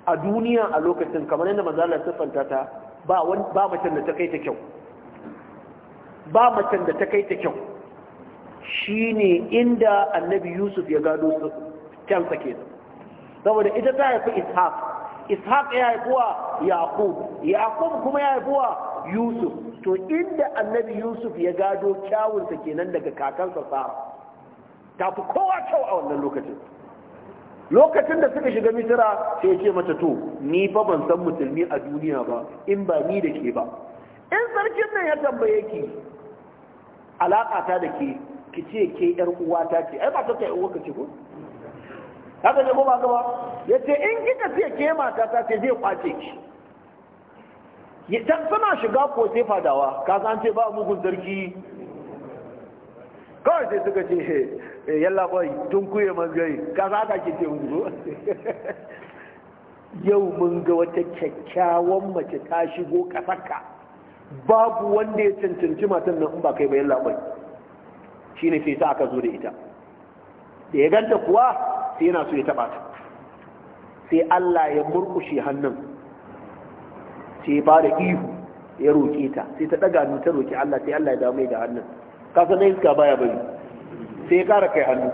a duniya a lokacin kamar yadda mazalar siffanta ta ba mutum macen da ta kai ta kyau ba macen da ta kai ta kyau ne inda annabi yusuf ya gado su kyansa kenan saboda ita ta haifi ishaq ishaq ya haifuwa yaqub yaqub kuma ya haifuwa yusuf to inda annabi yusuf ya gado kyawunsa kenan daga kakansa sara ta fi kowa kyau a wannan lokacin lokacin da suka shiga misira sai ya ce mata to ni fa ban san musulmi a duniya ba in ba ni da ke ba in sarkin nan ya tambaye ki alaƙa ta da ke ki ce ke yar uwa ta ce ai ba ta ta uwa ka ce ko haka ne ko ba gaba ya ce in kika ce ke mata ta ce zai kwace ki idan suna shiga ko sai fadawa ka san ce ba mugun sarki kawai sai suka ce Eh, yalla boy tun kuye man gai ka za ka kike yau mun ga wata kyakkyawan mace ta shigo kasaka babu wanda ya cancanci matan nan in ba kai ba yalla boy shine sai ta aka zo da ita da ya ganta kuwa sai yana so ya taba ta sai Allah ya murkushe hannun sai ba da ihu ya roƙe ta sai ta daga ta roƙi Allah sai Allah ya dawo mai hannun kasa na iska baya bari sai ya kara kai hannu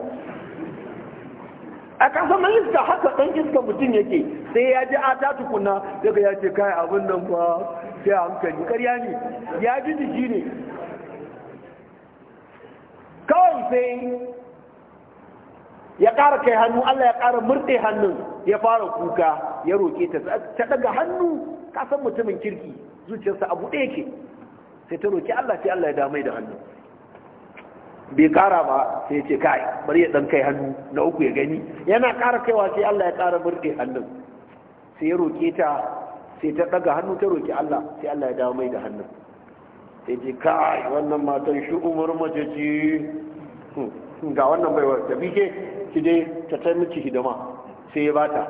a kasan nan iska haka ɗan iska mutum yake sai ya ji a ta tukuna daga ya ce kai abin nan fa sai a hankali karya ne ya ji jiki ne kawai sai ya kara kai hannu Allah ya kara murɗe hannun ya fara kuka ya roƙe ta ta daga hannu kasan mutumin kirki zuciyarsa abu ɗaya ke sai ta roƙi Allah sai Allah ya damai da hannu bai kara ba sai ce kai bari ya dan kai hannu na uku ya gani yana kara kaiwa sai Allah ya kara burɗe hannun sai ya roke ta sai ta daga hannu ta roki Allah sai Allah ya dawo mai da hannun sai ce kai wannan matan shi umar mace ce hmm, ga wannan baiwa ta bike ki dai ta ta miki hidima sai ya bata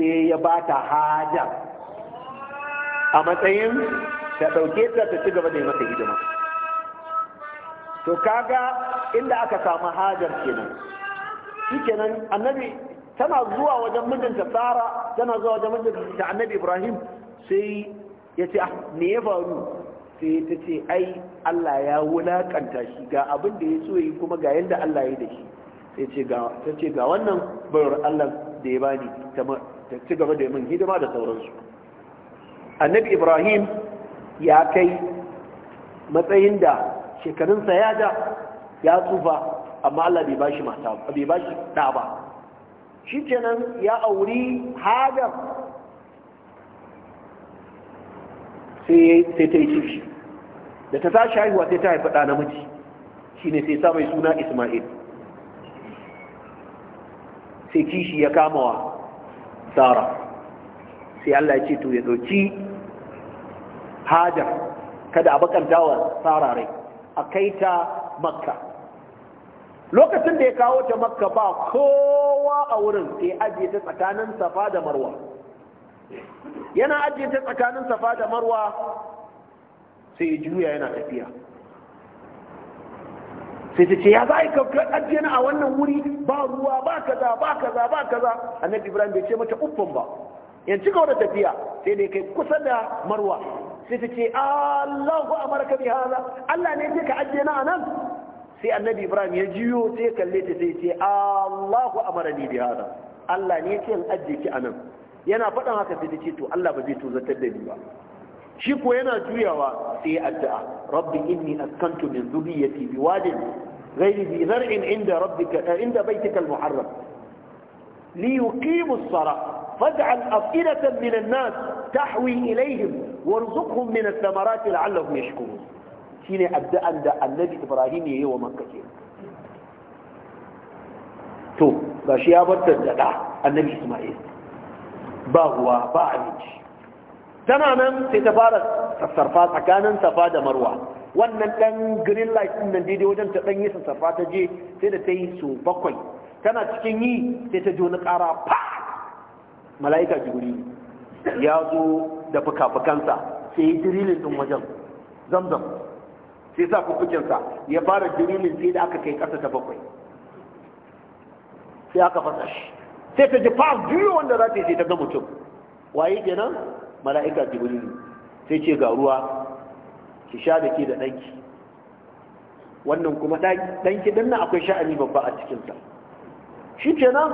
sai ya bata haja a matsayin ta dauke ta ta ci gaba da yi mata hidima to kaga inda aka samu hajar kenan shi kenan annabi tana zuwa wajen mijinta tsara tana zuwa wajen mijinta annabi ibrahim sai ya ce ah me ya faru sai ta ce ai allah ya wulakanta shi ga abin da ya so yi kuma ga yadda allah ya da shi ta ce ga wannan bayar allah da ya bani ta ci gaba da min hidima da sauransu annabi ibrahim ya kai matsayin da shekarunsa ya ja ya tsufa amma Allah bai bashi mata bai bashi da ba kenan ya auri hajar sai ta yi ciki da ta tashi haihuwa sai ta haifi ɗa namiji ne sai sa mai suna Isma'il sai kishi ya kama wa Sara sai Allah ya ce to ya ɗauki hajar kada a bakanta wa Sara rai a kai ta makka lokacin da ya kawo ta makka ba kowa a wurin sai ajiye ta tsakanin safa da marwa yana ajiye ta tsakanin safa da marwa sai ya juya yana tafiya sai ta ce ya za a yi ajiye na a wannan wuri ba ruwa ba kaza ba kaza ba kaza annabi ibrahim bai ce mata uffan ba yanci kawo da tafiya sai dai kai kusa da marwa sai ta ce Allahu amarka bi hada Allah ne ce ka ajiye na anan sai annabi Ibrahim ya jiyo sai kalle ta sai ce Allahu amarani bi hada Allah ne ce in ajiye ki anan yana faɗan haka sai ta ce to Allah ba zai tozartar da ni ba shi ko yana juyawa sai ya addu'a rabbi inni askantu min dhurriyyati biwadin ghayri bi zar'in inda rabbika inda baytika al-muharram li yuqimu as-salah faj'al af'idatan min an-nas tahwi ilayhim warzuqhum min ath-thamarati la'allahum yashkurun shine addu'an da annabi Ibrahim yayi wa Makka ke to shi ya bar da annabi Isma'il ba ba abinci tana nan sai ta fara sassarfa tsakanin safa da marwa wannan dan green light din nan daidai wajen ta dan yi sassarfa ta je sai da ta yi su bakwai tana cikin yi sai ta ji wani ƙara fa mala'ika jibril ya zo da fuka-fukansa sai yi dirilin ɗin wajen zamzam sai sa fukukinsa ya fara dirilin sai da aka kai ƙasa ta bakwai sai aka fasa shi sai ta ji fas juyo wanda za ta yi sai ta ga mutum waye kenan mala'ika jibrilu sai ce ga ruwa ki sha da ke da ɗanki wannan kuma ɗanki ɗin nan akwai sha'ani babba a cikinsa shi kenan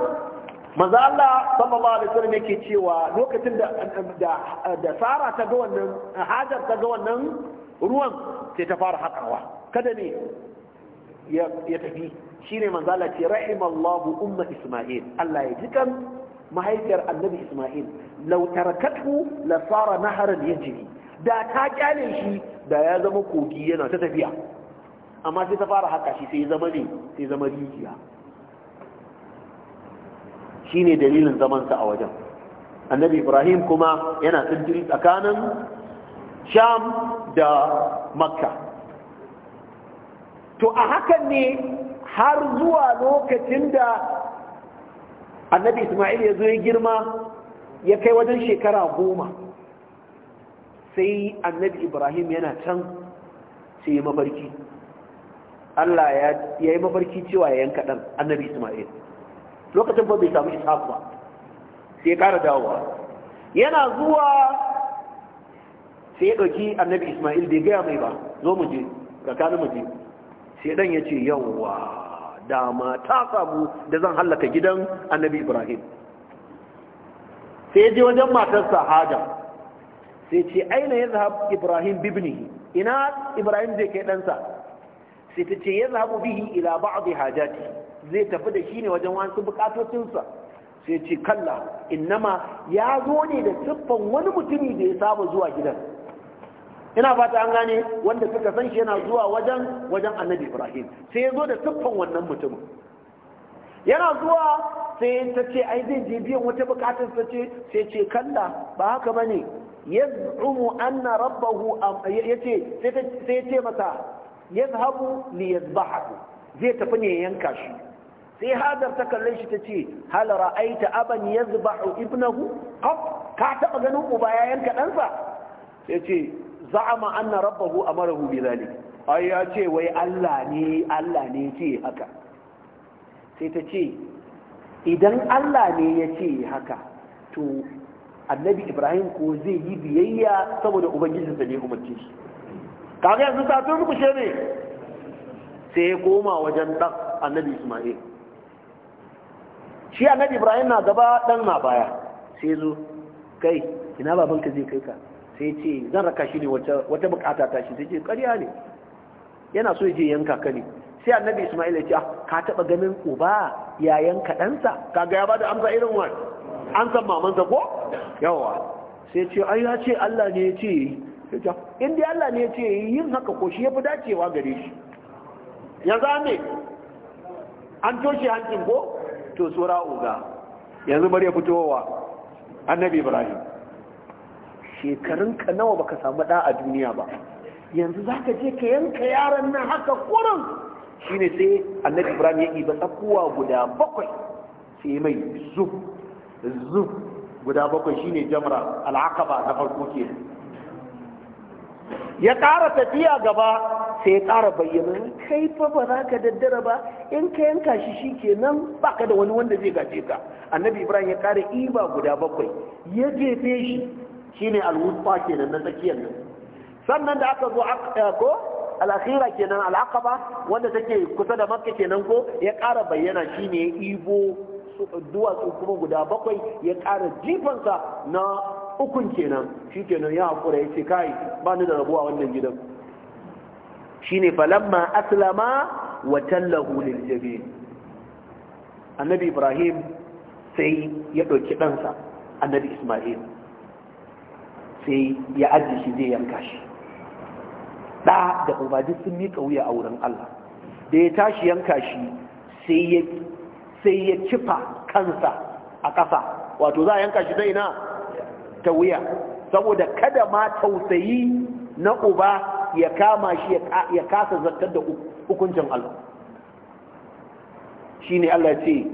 maza Allah sallallahu alaihi wasallam yake cewa lokacin da da Sara ta ga wannan Hajar ta ga wannan ruwan sai ta fara hakawa kada ne ya tafi shine manzo Allah ce rahimallahu umma Isma'il Allah ya jikan mahaifiyar Annabi Isma'il law tarakathu la sara naharan yajri da ta kyale shi da ya zama kogi yana ta tafiya amma sai ta fara haka shi sai zama ne sai zama rijiya shine dalilin zamansa a wajen annabi ibrahim kuma yana tsintiri tsakanin sham da makka to a hakan ne har zuwa lokacin da annabi ismail ya zo ya girma ya kai wajen shekara goma sai annabi ibrahim yana can sai ya mafarki allah ya yi mafarki cewa ya yanka ɗan annabi ismail lokacin ba bai samu ishaq ba sai ya kara dawowa yana zuwa sai ya ɗauki annabi ismail bai gaya mai ba zo mu je tsakanin mu je sai dan ya ce yawwa dama ta samu da zan hallaka gidan annabi ibrahim sai ya je wajen matarsa hajar sai ce aina ya zahab ibrahim bibni ina ibrahim zai kai ɗansa sai ta ce ya zahabu bihi ila ba'adi hajati zai tafi da shi ne wajen wasu bukatocinsa sai ce kalla innama ya zo ne da siffan wani mutumi da ya saba zuwa gidan ina fata an gane wanda suka san shi yana zuwa wajen wajen annabi ibrahim sai ya zo da siffan wannan mutumin yana zuwa sai ta ce ai zai je biyan wata bukatar ta ce sai ce kalla ba haka ba ne. yaz'umu anna rabbahu yace sai sai ce masa yazhabu li yazbahu zai tafi ne yanka shi sai hadar ta kalle shi ta ce hal ra'aita aban yazbahu ibnahu qab ka taba ganin uba ya yanka ɗansa sai ce za'ama anna rabbahu amarahu bi zalik ai ya ce wai Allah ne Allah ne ce haka sai ta ce idan Allah ne ya ce haka to annabi Ibrahim ko zai yi biyayya saboda sa ne umarci shi kaga yanzu ta tun kushe ne sai ya koma wajen ɗan annabi Ismail shi annabi ibrahim na gaba dan na baya sai zo kai ina babanka zai kai ka sai ce zan raka shi ne wata bukata ta shi sai ce ƙarya ne yana so ya je yanka ka ne sai annabi ismail ya ce ah, ka taba ganin uba ɗansa kaɗansa kaga ya bada amsa irin wani an san mamansa ko yawa sai ce ai ya ce allah ne ya ce yi in dai allah ne ya ce yi yin haka ko shi ya fi dacewa gare shi ya zame an toshe hancin ko to tsora uga yanzu bari ya fitowa annabi ibrahim shekarunka nawa baka samu ɗa a duniya ba yanzu zaka je ka yanka yaran nan haka kurin shine sai annabi ibrahim ya ɗiba tsakuwa guda bakwai sai mai zub zub guda bakwai shine jamra jamra al'akaba na farko ke ya ƙara tafiya gaba sai ya ƙara bayyana kai fa ba za ka daddara ba in ka yanka shi shi kenan ba ka da wani wanda zai gaje ka annabi ibrahim ya ƙara iba guda bakwai ya jefe shi shine ke kenan na tsakiyar nan sannan da aka zo eh, ko al'akhira kenan al'aqaba wanda take kusa da makka kenan ko ya ƙara bayyana shine ya ibo duwatsu kuma guda bakwai ya ƙara jifansa na ukun kenan shi kenan ya haƙura ya ce kai ba ni da rabuwa wannan gidan Shi shine falamma aslama wa tallahu lil jabin annabi ibrahim sai ya ɗauki ɗansa annabi ismail sai ya ajiye shi zai yanka shi ɗa da ubadi sun mika wuya a wurin allah da ya tashi yanka shi sai ya kifa kansa a ƙasa wato za a yanka shi zai na ta wuya saboda kada ma tausayi na uba ya kama shi ya kasa zartar da hukuncin Allah ne Allah ce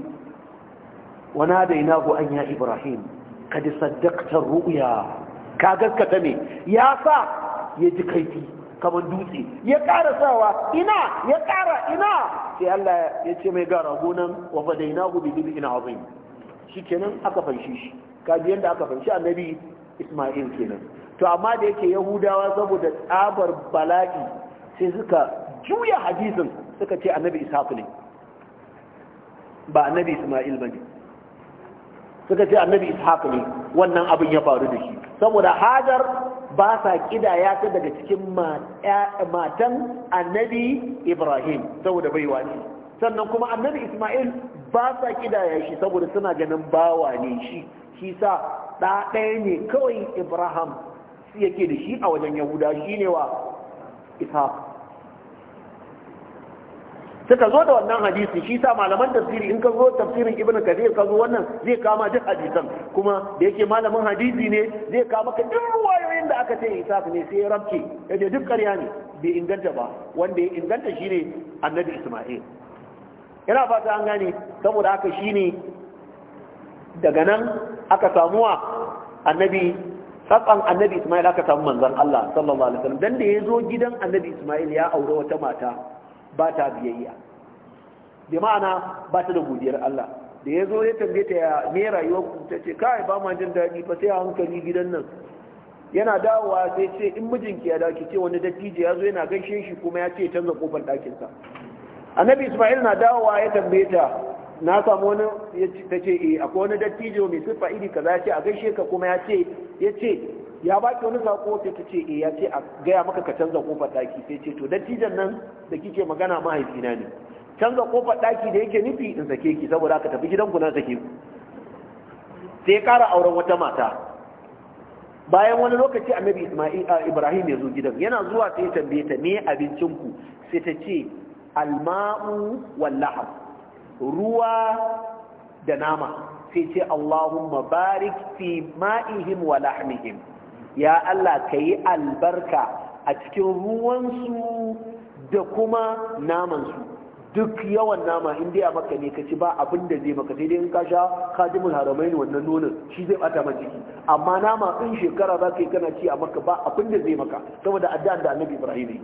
wa nadainahu an ya ibrahim kadi saddaktar ru'ya ka gaskata ne ya sa ya ji kaifi kamar dutse ya ƙara sawa ina ya ƙara ina sai Allah ya ce mai gara gonan wa fadainahu bi dhibin azim kenan aka fanshi shi kaji yadda aka fanshi annabi Isma'il kenan to amma da yake yahudawa saboda tsabar bala'i sai suka juya hadisin suka ce annabi ne ba annabi isma'il ba suka ce annabi ishaq ne wannan abin ya faru da shi saboda hajar ba sa ya ta daga cikin matan annabi ibrahim saboda baiwa ne sannan kuma annabi isma'il ba sa ƙidaya shi saboda suna ganin bawa ne shi shi sa ne kawai ibrahim yake da shi a wajen yahuda shine wa ishaq suka zo da wannan hadisi shi sa malaman tafsiri in ka zo tafsirin ibn kathir ka zo wannan zai kama duk hadisan kuma da yake malamin hadisi ne zai kama ka duk wayoyin da aka ce ishaq ne sai rabce yace duk ƙarya ne bai inganta ba wanda ya inganta shi ne annabi isma'il yana fata an gane saboda haka shi ne, daga nan aka samuwa annabi tsatsan annabi Ismail aka samu manzan Allah sallallahu alaihi wasallam dan da ya zo gidan annabi Ismail ya aure wata mata ba ta biyayya bi ma'ana ba ta da godiyar Allah da ya zo ya tambaye ta ya me rayuwar ku ta ce kai ba ma jin daɗi fa sai a hankali gidan nan yana dawowa sai ce in mijinki ya dawo ce wani dattijo ya zo yana gaishe shi kuma ya ce canza kofar ɗakinsa annabi Ismail na dawowa ya tambaye ta na samu wani ta ce E, akwai wani dattijo mai siffa iri kaza ya ce a gaishe ka kuma ya ce ya ce ya baki wani sako sai ta ce eh, ya ce a gaya maka ka canza kofar ɗaki sai ce to dattijan nan da kike magana mahaifina ne canza kofar ɗaki da yake nufi in sake ki saboda ka tafi gidanku na sake ku sai ya kara auren wata mata bayan wani lokaci annabi Isma'il Ibrahim ya zo gidan yana zuwa sai ya tambaye ta me ku?" sai ta ce alma'u wal ruwa da nama sai ce Allahumma barik fi ma'ihim wa lahmihim ya Allah ka yi albarka a cikin ruwansu da kuma namansu duk yawan nama in dai a maka ne ka ci ba abin da zai maka daidai in ka sha kajimul haramain wannan nonon shi zai bata ma jiki amma nama in shekara za ka yi kana ci a maka ba abin da zai maka saboda addu'an da annabi ibrahim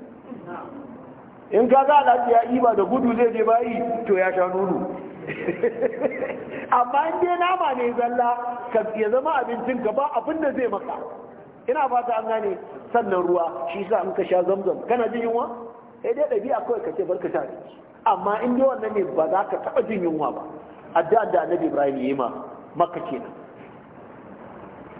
in ka alhaji ya iba da gudu zai je bayi to ya sha nono amma in dai nama ne zalla ya zama abincin ka ba abin da zai maka ina fata an gane sannan ruwa shi sa in ka sha zamzam kana jin yunwa sai dai ɗabi'a kawai ka ce barka sha amma in dai wannan ne ba za ka taɓa jin yunwa ba addu'a da annabi ibrahim ya yi ma maka kenan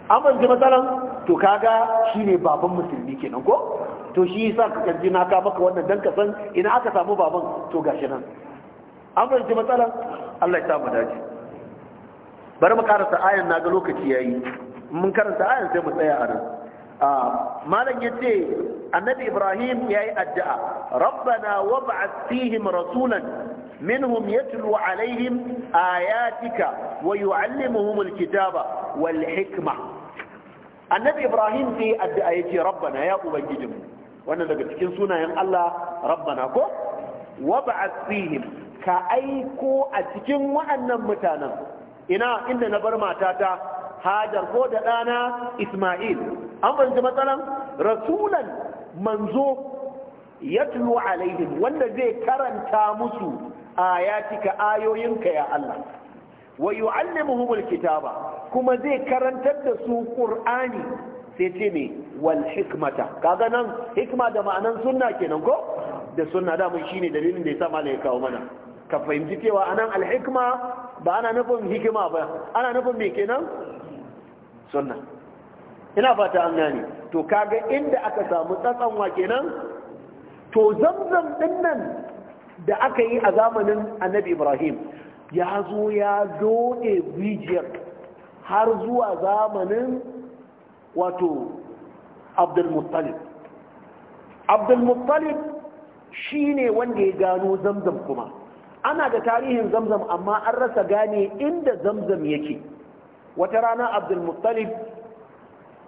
an ji matsalan to kaga shine baban musulmi kenan ko to shi yasa ka kanji na ka maka wannan dan ka san ina aka samu baban to gashi nan an fahimci matsala? Allah ya sa mu dace bari mu karanta ayan na ga lokaci yayi mun karanta ayan sai mu tsaya a nan malam yace annabi Ibrahim yayi addu'a rabbana wab'ath fihim rasulan منهم يتلو عليهم آياتك ويعلمهم الكتاب والحكمة النبي إبراهيم في الدعاية ربنا يا أبنجدهم wannan daga cikin sunayen Allah rabbana ko wab'ath fihim ka aiko a cikin wa'annan mutanen ina inda na bar matata hajar ko da ɗana isma'il an fahimci matsalan rasulan manzo yatlu alaihim wanda zai karanta musu ayatika ayoyinka ya Allah wa yu'allimuhumul kitaba kuma zai karantar da su qur'ani sai ce me wal hikmata kaga nan hikma da ma'anan sunna kenan ko da sunna da mun shine dalilin da yasa malai ya kawo mana ka fahimci cewa anan al hikma ba ana nufin hikima ba ana nufin me kenan sunna ina fata an gane to kaga inda aka samu tsatsanwa kenan to zamzam din nan da aka yi a zamanin annabi ibrahim ya zo ya doɗe rijiyar har zuwa zamanin wato abdulmuttalib abdulmuttalib shi ne wanda ya gano zamzam kuma ana da tarihin zamzam amma an rasa gane inda zamzam yake wata rana abdulmuttalib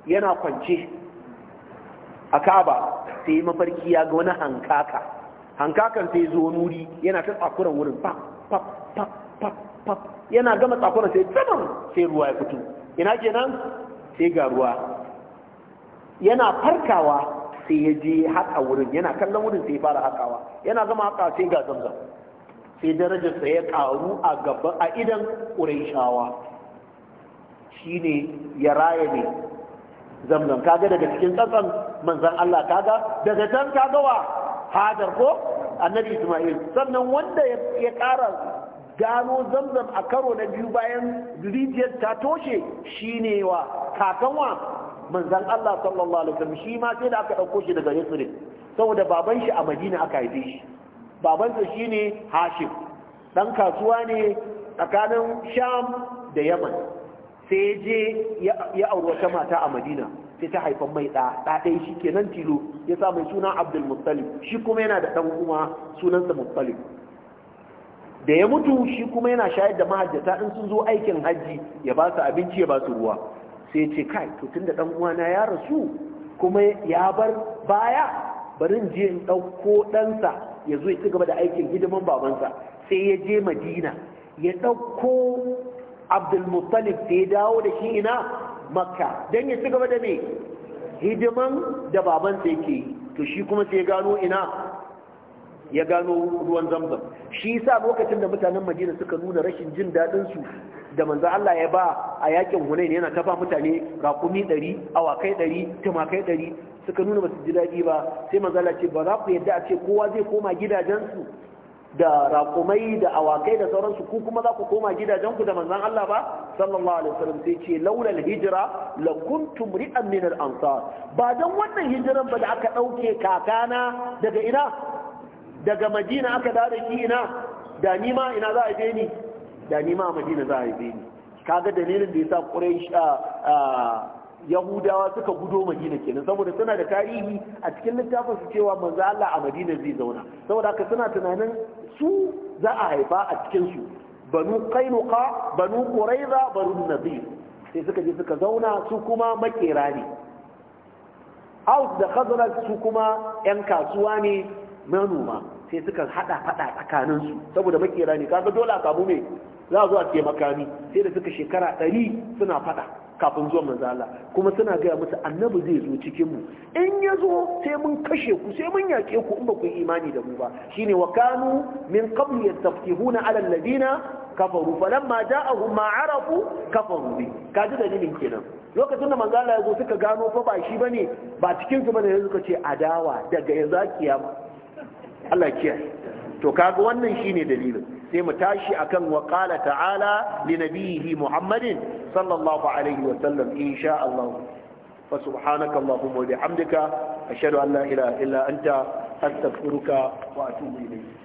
yana kwance a ka'aba sai mafarki ya ga wani hankaka hankakan sai zo nuri yana ta tsakuran wurin pap pap pap pap yana gama tsakuran sai tsaman sai ruwa ya fito ina kenan sai ga ruwa yana farkawa sai ya je haka wurin yana kallon wurin sai ya fara hakawa yana zama haka sai ga zamzam sai darajar sai ya karu a gaban a idan ƙuraishawa shine ya raya ne zamzam kaga daga cikin tsatsan manzan Allah kaga daga can kaga wa hadar ko annabi Ismail sannan wanda ya ƙara gano zamzam a karo na biyu bayan rijiyar ta toshe shine wa kakan wa manzan Allah sallallahu alaihi wasallam shi ma sai da aka dauko shi daga Yathrib saboda baban shi a Madina aka haife shi baban sa shine Hashim dan kasuwa ne tsakanin Sham da Yaman sai ya je ya aure wata mata a Madina sai ta haifa mai ɗa ɗa ɗaya shi kenan tilo ya sa mai suna Abdul Muttalib shi kuma yana da ɗan kuma sunansa Muttalib da ya mutu shi kuma yana shayar da mahajjata in sun zo aikin hajji ya ba su abinci ya ba su ruwa sai ce kai to tun da dan uwana ya rasu kuma ya bar baya barin je in ɗauko ɗansa ya zo ya gaba da aikin hidiman babansa sai ya je madina ya ɗauko abdulmuttalib da ya dawo da shi ina makka don ya ci gaba da me hidiman da babansa yake yi to shi kuma sai ya gano ina ya gano ruwan zamzam shi yasa lokacin da mutanen madina suka nuna rashin jin dadin su da manzo Allah ya ba a yakin hunain yana kafa mutane rakumi 100 awakai 100 tumakai 100 suka nuna basu ji daɗi ba sai manzo Allah ce ba za ku yadda a ce kowa zai koma gidajensu da raƙumai da awakai da sauransu ku kuma za ku koma gidajenku da manzan Allah ba sallallahu alaihi wasallam sai ce laulal hijira la kuntum ri'an min al ansar ba dan wannan hijiran ba da aka dauke kakana daga ina daga madina aka dawo da ki ina da ni ma ina za a ni da ni ma a madina za a haife ni kaga dalilin da sa quraish a yahudawa suka gudo madina kenan saboda suna da tarihi a cikin littafin su cewa manzo Allah a madina zai zauna saboda haka suna tunanin su za a haifa a cikin su banu qainuqa banu quraiza banu nadir sai suka je suka zauna su kuma makera ne aus da khazraj su kuma yan kasuwa ne manoma sai suka hada fada tsakanin su saboda makera ne kaga dole a samu me za zo a makami sai da suka shekara ɗari suna fada kafin zuwa manzala kuma suna gaya musu annabi zai zo cikin mu in ya zo sai mun kashe ku sai mun yake ku in ba ku imani da mu ba shine wa kanu min qabli yastaftihuna ala alladina kafaru falamma ja'ahum ma arafu kafaru bi kaji dalilin kenan lokacin da manzala ya zo suka gano fa ba shi bane ba cikin su bane suka ce adawa daga yanzu kiyama Allah kiyaye to kaga wannan shine dalilin sai mu tashi akan wa qala ta'ala li nabiyhi muhammadin sallallahu alaihi wa sallam insha Allah fa subhanaka allahumma wa bihamdika ashhadu an la ilaha illa anta astaghfiruka wa atubu ilayk